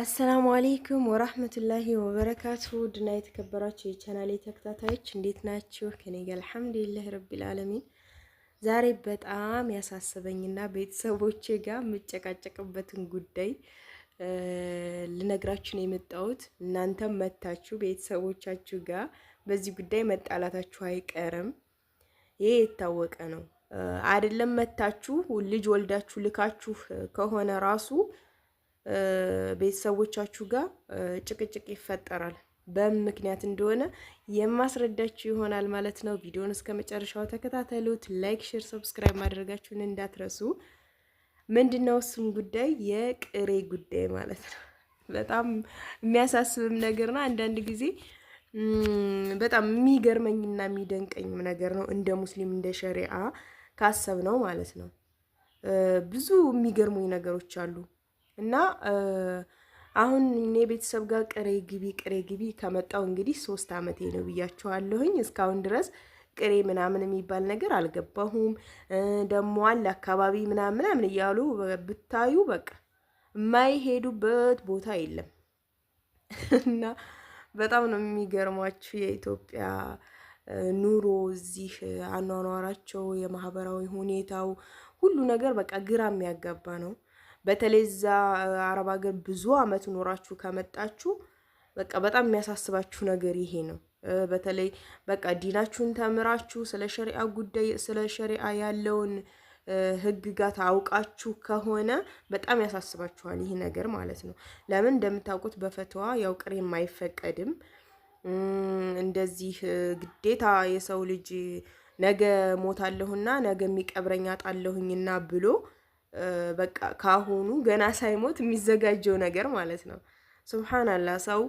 አሰላሙ አሌይኩም ወራህመቱላሂ ወበረካቱ ድና የተከበራችሁ የቻናሌ ተከታታዮች እንዴት ናችሁ? ከኔ ጋር አልሐምዱሊላህ ረቢል ዓለሚን። ዛሬ በጣም ያሳሰበኝና ቤተሰቦቼ ጋር የምጨቃጨቅበትን ጉዳይ ልነግራችሁ ነው የመጣሁት። እናንተም መታችሁ ቤተሰቦቻችሁ ጋር በዚህ ጉዳይ መጣላታችሁ አይቀርም። ይሄ የታወቀ ነው። አይደለም መታችሁ ልጅ ወልዳችሁ ልካችሁ ከሆነ ራሱ ቤተሰቦቻችሁ ጋር ጭቅጭቅ ይፈጠራል። በምን ምክንያት እንደሆነ የማስረዳችሁ ይሆናል ማለት ነው። ቪዲዮን እስከ መጨረሻው ተከታተሉት። ላይክ፣ ሼር፣ ሰብስክራይብ ማድረጋችሁን እንዳትረሱ። ምንድን ነው እሱም ጉዳይ የቅሬ ጉዳይ ማለት ነው። በጣም የሚያሳስብም ነገር ነው። አንዳንድ ጊዜ በጣም የሚገርመኝና የሚደንቀኝም ነገር ነው። እንደ ሙስሊም እንደ ሸሪአ ካሰብ ነው ማለት ነው። ብዙ የሚገርሙኝ ነገሮች አሉ። እና አሁን እኔ ቤተሰብ ጋር ቅሬ ግቢ ቅሬ ግቢ ከመጣው እንግዲህ ሶስት አመት ነው ብያችኋለሁኝ። እስካሁን ድረስ ቅሬ ምናምን የሚባል ነገር አልገባሁም። ደሞ አለ አካባቢ ምናምን ምናምን እያሉ ብታዩ በቃ የማይሄዱበት ቦታ የለም እና በጣም ነው የሚገርማችሁ የኢትዮጵያ ኑሮ እዚህ አኗኗራቸው፣ የማህበራዊ ሁኔታው ሁሉ ነገር በቃ ግራ የሚያጋባ ነው። በተለይ እዛ አረብ ሀገር ብዙ አመት ኖራችሁ ከመጣችሁ በቃ በጣም የሚያሳስባችሁ ነገር ይሄ ነው። በተለይ በቃ ዲናችሁን ተምራችሁ ስለ ሸሪአ ጉዳይ ስለ ሸሪአ ያለውን ህግጋት አውቃችሁ ከሆነ በጣም ያሳስባችኋል ይሄ ነገር ማለት ነው። ለምን እንደምታውቁት በፈትዋ ያው ቅሬም አይፈቀድም። እንደዚህ ግዴታ የሰው ልጅ ነገ ሞታለሁና ነገ የሚቀብረኝ አጣለሁኝና ብሎ በቃ ካሁኑ ገና ሳይሞት የሚዘጋጀው ነገር ማለት ነው። ሱብሓናላህ ሰው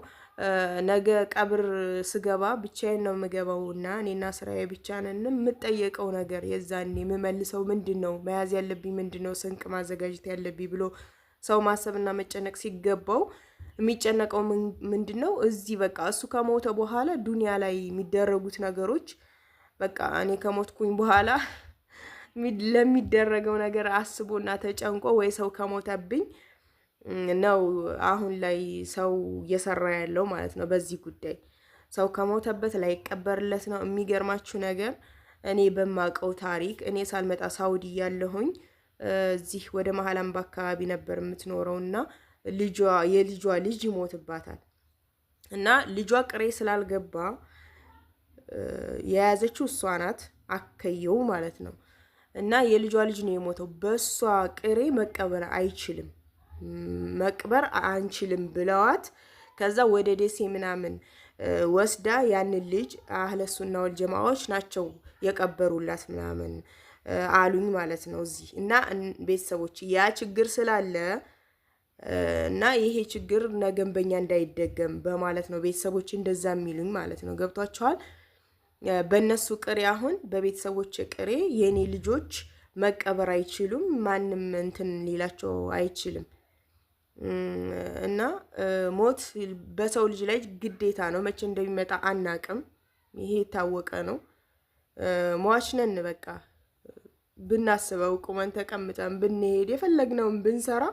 ነገ ቀብር ስገባ ብቻዬን ነው የምገባው እና እኔና ስራዬ ብቻ ነን። የምጠየቀው ነገር የዛኔ የምመልሰው ምንድን ነው፣ መያዝ ያለብኝ ምንድን ነው፣ ስንቅ ማዘጋጀት ያለብኝ ብሎ ሰው ማሰብና መጨነቅ ሲገባው የሚጨነቀው ምንድን ነው? እዚህ በቃ እሱ ከሞተ በኋላ ዱንያ ላይ የሚደረጉት ነገሮች በቃ እኔ ከሞትኩኝ በኋላ ለሚደረገው ነገር አስቦና ተጨንቆ ወይ ሰው ከሞተብኝ ነው አሁን ላይ ሰው እየሰራ ያለው ማለት ነው። በዚህ ጉዳይ ሰው ከሞተበት ላይቀበርለት ነው። የሚገርማችሁ ነገር እኔ በማቀው ታሪክ እኔ ሳልመጣ ሳውዲ ያለሁኝ እዚህ ወደ መሀል አምባ አካባቢ ነበር የምትኖረው እና ልጇ የልጇ ልጅ ይሞትባታል እና ልጇ ቅሬ ስላልገባ የያዘችው እሷ ናት። አከየው ማለት ነው እና የልጇ ልጅ ነው የሞተው። በእሷ ቅሬ መቀበር አይችልም መቅበር አንችልም ብለዋት ከዛ ወደ ደሴ ምናምን ወስዳ ያንን ልጅ አህለሱና ወልጀማዎች ወል ናቸው የቀበሩላት ምናምን አሉኝ ማለት ነው። እዚህ እና ቤተሰቦች ያ ችግር ስላለ እና ይሄ ችግር ነገንበኛ በኛ እንዳይደገም በማለት ነው ቤተሰቦች እንደዛ የሚሉኝ ማለት ነው። ገብቷቸዋል። በእነሱ ቅሬ አሁን በቤተሰቦች ቅሬ የእኔ ልጆች መቀበር አይችሉም። ማንም እንትን ሌላቸው አይችልም። እና ሞት በሰው ልጅ ላይ ግዴታ ነው። መቼ እንደሚመጣ አናቅም። ይሄ የታወቀ ነው። ሟችነን በቃ ብናስበው ቁመን ተቀምጠን ብንሄድ የፈለግነውን ብንሰራ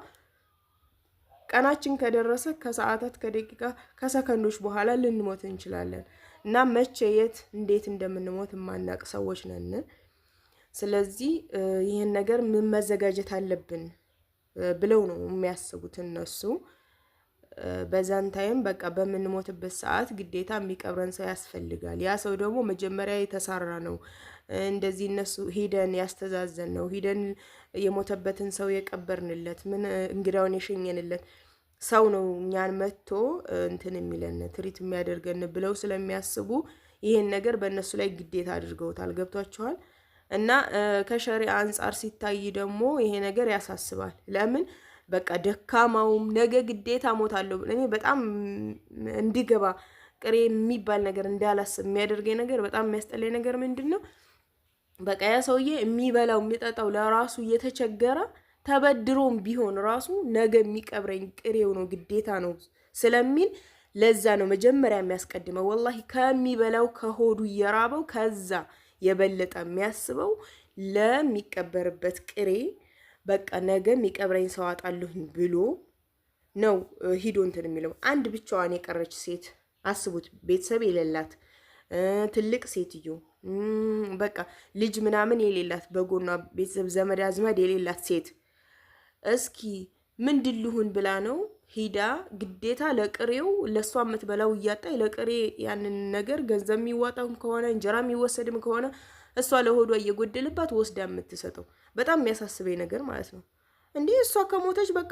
ቀናችን ከደረሰ ከሰዓታት፣ ከደቂቃ፣ ከሰከንዶች በኋላ ልንሞት እንችላለን። እና መቼ የት እንዴት እንደምንሞት የማናቅ ሰዎች ነን። ስለዚህ ይህን ነገር ምን መዘጋጀት አለብን ብለው ነው የሚያስቡት እነሱ። በዛን ታይም በቃ በምንሞትበት ሰዓት ግዴታ የሚቀብረን ሰው ያስፈልጋል። ያ ሰው ደግሞ መጀመሪያ የተሰራ ነው። እንደዚህ እነሱ ሂደን ያስተዛዘን ነው ሂደን የሞተበትን ሰው የቀበርንለት ምን እንግዳውን የሸኘንለት ሰው ነው እኛን መጥቶ እንትን የሚለን ትሪት የሚያደርገን ብለው ስለሚያስቡ ይሄን ነገር በእነሱ ላይ ግዴታ አድርገውታል። ገብቷቸዋል። እና ከሸሪ አንጻር ሲታይ ደግሞ ይሄ ነገር ያሳስባል። ለምን በቃ ደካማውም ነገ ግዴታ ሞታለሁ እኔ በጣም እንዲገባ ቅሬ የሚባል ነገር እንዳላስብ የሚያደርገኝ ነገር በጣም የሚያስጠላኝ ነገር ምንድን ነው? በቃ ያ ሰውዬ የሚበላው የሚጠጣው ለራሱ እየተቸገረ ተበድሮም ቢሆን ራሱ ነገ የሚቀብረኝ ቅሬው ነው ግዴታ ነው ስለሚል ለዛ ነው መጀመሪያ የሚያስቀድመው። ወላሂ ከሚበላው ከሆዱ እየራበው ከዛ የበለጠ የሚያስበው ለሚቀበርበት ቅሬ በቃ ነገ የሚቀብረኝ ሰው አጣለሁኝ ብሎ ነው ሂዶ እንትን የሚለው። አንድ ብቻዋን የቀረች ሴት አስቡት፣ ቤተሰብ የሌላት ትልቅ ሴትዮ በቃ ልጅ ምናምን የሌላት በጎኗ ቤተሰብ ዘመድ አዝመድ የሌላት ሴት እስኪ ምንድን ልሁን ብላ ነው ሂዳ ግዴታ ለቅሬው ለእሷ የምትበላው እያጣይ ለቅሬ ያንን ነገር ገንዘብ የሚዋጣም ከሆነ እንጀራ የሚወሰድም ከሆነ እሷ ለሆዷ እየጎደልባት ወስዳ የምትሰጠው በጣም የሚያሳስበኝ ነገር ማለት ነው። እንዴ እሷ ከሞተች በቃ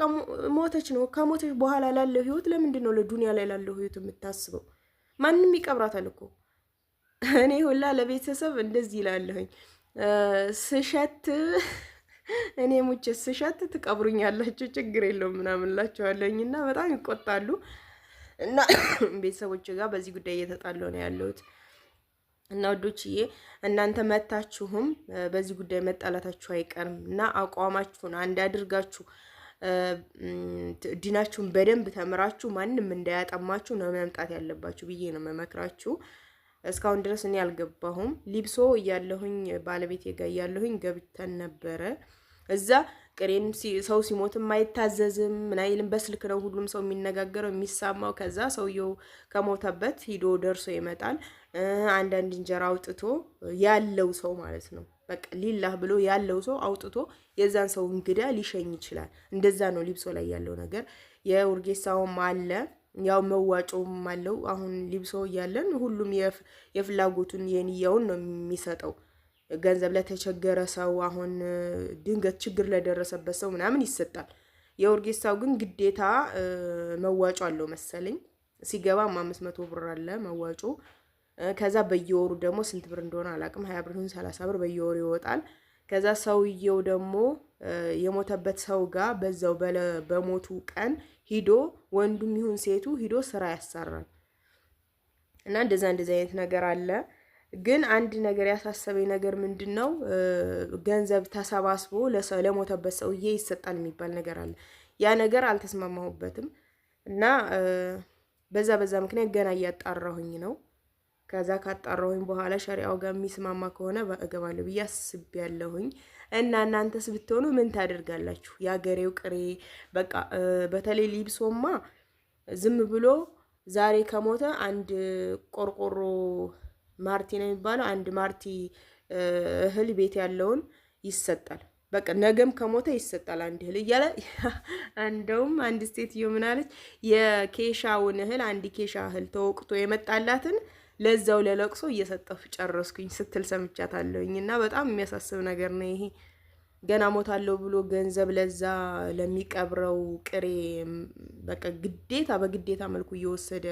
ሞተች ነው። ከሞተች በኋላ ላለው ህይወት ለምንድን ነው ለዱንያ ላይ ላለው ህይወት የምታስበው? ማንም ይቀብራታል እኮ። እኔ ሁላ ለቤተሰብ እንደዚህ ይላለሁኝ ስሸት እኔ ሙቼ ስሸት ትቀብሩኛላችሁ፣ ችግር የለውም ምናምን እላቸዋለሁኝ እና በጣም ይቆጣሉ እና ቤተሰቦች ጋር በዚህ ጉዳይ እየተጣለው ነው ያለሁት እና ወዶችዬ እናንተ መታችሁም በዚህ ጉዳይ መጣላታችሁ አይቀርም እና አቋማችሁን አንድ አድርጋችሁ ዲናችሁን በደንብ ተምራችሁ ማንም እንዳያጠማችሁ ነው መምጣት ያለባችሁ ብዬ ነው መመክራችሁ። እስካሁን ድረስ እኔ አልገባሁም። ሊብሶ እያለሁኝ ባለቤቴ ጋር እያለሁኝ ገብተን ነበረ። እዛ ቅሬን ሰው ሲሞትም አይታዘዝም ምን አይልም። በስልክ ነው ሁሉም ሰው የሚነጋገረው የሚሳማው። ከዛ ሰውየው ከሞተበት ሂዶ ደርሶ ይመጣል። አንዳንድ እንጀራ አውጥቶ ያለው ሰው ማለት ነው በቃ ሊላህ ብሎ ያለው ሰው አውጥቶ የዛን ሰው እንግዳ ሊሸኝ ይችላል። እንደዛ ነው ሊብሶ ላይ ያለው ነገር። የውርጌሳውም አለ ያው መዋጮም አለው። አሁን ሊብሶ እያለን ሁሉም የፍላጎቱን የንያውን ነው የሚሰጠው ገንዘብ ለተቸገረ ሰው፣ አሁን ድንገት ችግር ለደረሰበት ሰው ምናምን ይሰጣል። የኦርጌስታው ግን ግዴታ መዋጮ አለው መሰለኝ ሲገባም አምስት መቶ ብር አለ መዋጮ። ከዛ በየወሩ ደግሞ ስንት ብር እንደሆነ አላቅም፣ ሀያ ብር ይሁን ሰላሳ ብር በየወሩ ይወጣል። ከዛ ሰውየው ደግሞ የሞተበት ሰው ጋር በዛው በሞቱ ቀን ሂዶ ወንዱም ይሁን ሴቱ ሂዶ ስራ ያሰራል እና እንደዛ እንደዚ አይነት ነገር አለ። ግን አንድ ነገር ያሳሰበኝ ነገር ምንድን ነው፣ ገንዘብ ተሰባስቦ ለሞተበት ሰውዬ ይሰጣል የሚባል ነገር አለ። ያ ነገር አልተስማማሁበትም እና በዛ በዛ ምክንያት ገና እያጣራሁኝ ነው። ከዛ ካጣራሁኝ በኋላ ሸሪያው ጋር የሚስማማ ከሆነ እገባለሁ ብዬ አስቤያለሁኝ። እና እናንተስ ብትሆኑ ምን ታደርጋላችሁ? የአገሬው ቅሬ በቃ በተለይ ሊብሶማ ዝም ብሎ ዛሬ ከሞተ አንድ ቆርቆሮ ማርቲ ነው የሚባለው አንድ ማርቲ እህል ቤት ያለውን ይሰጣል። በቃ ነገም ከሞተ ይሰጣል አንድ እህል እያለ እንደውም አንድ ሴትዮ ምናለች የኬሻውን እህል አንድ ኬሻ እህል ተወቅቶ የመጣላትን ለዛው ለለቅሶ እየሰጠሁ ጨረስኩኝ ስትል ሰምቻታለሁኝ። እና በጣም የሚያሳስብ ነገር ነው ይሄ። ገና ሞታለሁ ብሎ ገንዘብ ለዛ ለሚቀብረው ቅሬ በቃ ግዴታ በግዴታ መልኩ እየወሰደ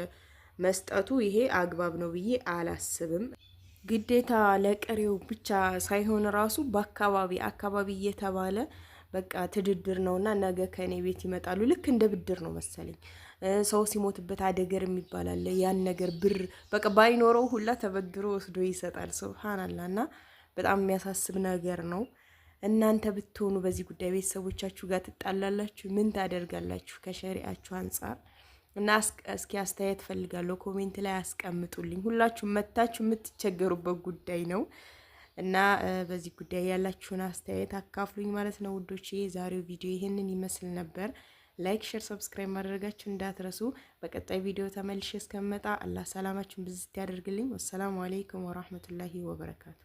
መስጠቱ ይሄ አግባብ ነው ብዬ አላስብም። ግዴታ ለቅሬው ብቻ ሳይሆን ራሱ በአካባቢ አካባቢ እየተባለ በቃ ትድድር ነውና ነገ ከእኔ ቤት ይመጣሉ። ልክ እንደ ብድር ነው መሰለኝ ሰው ሲሞትበት አደገር የሚባል አለ። ያን ነገር ብር በቃ ባይኖረው ሁላ ተበድሮ ወስዶ ይሰጣል። ሱብሃናላ እና በጣም የሚያሳስብ ነገር ነው። እናንተ ብትሆኑ በዚህ ጉዳይ ቤተሰቦቻችሁ ጋር ትጣላላችሁ? ምን ታደርጋላችሁ ከሸሪአችሁ አንጻር? እና እስኪ አስተያየት ፈልጋለሁ፣ ኮሜንት ላይ አስቀምጡልኝ። ሁላችሁ መታችሁ የምትቸገሩበት ጉዳይ ነው እና በዚህ ጉዳይ ያላችሁን አስተያየት አካፍሉኝ ማለት ነው ውዶች። የዛሬው ቪዲዮ ይህንን ይመስል ነበር። ላይክ፣ ሼር፣ ሰብስክራይብ ማድረጋችሁ እንዳትረሱ። በቀጣይ ቪዲዮ ተመልሼ እስከመጣ አላህ ሰላማችሁን ብዝት ያደርግልኝ። ወሰላሙ አሌይኩም ወራህመቱላሂ ወበረካቱ።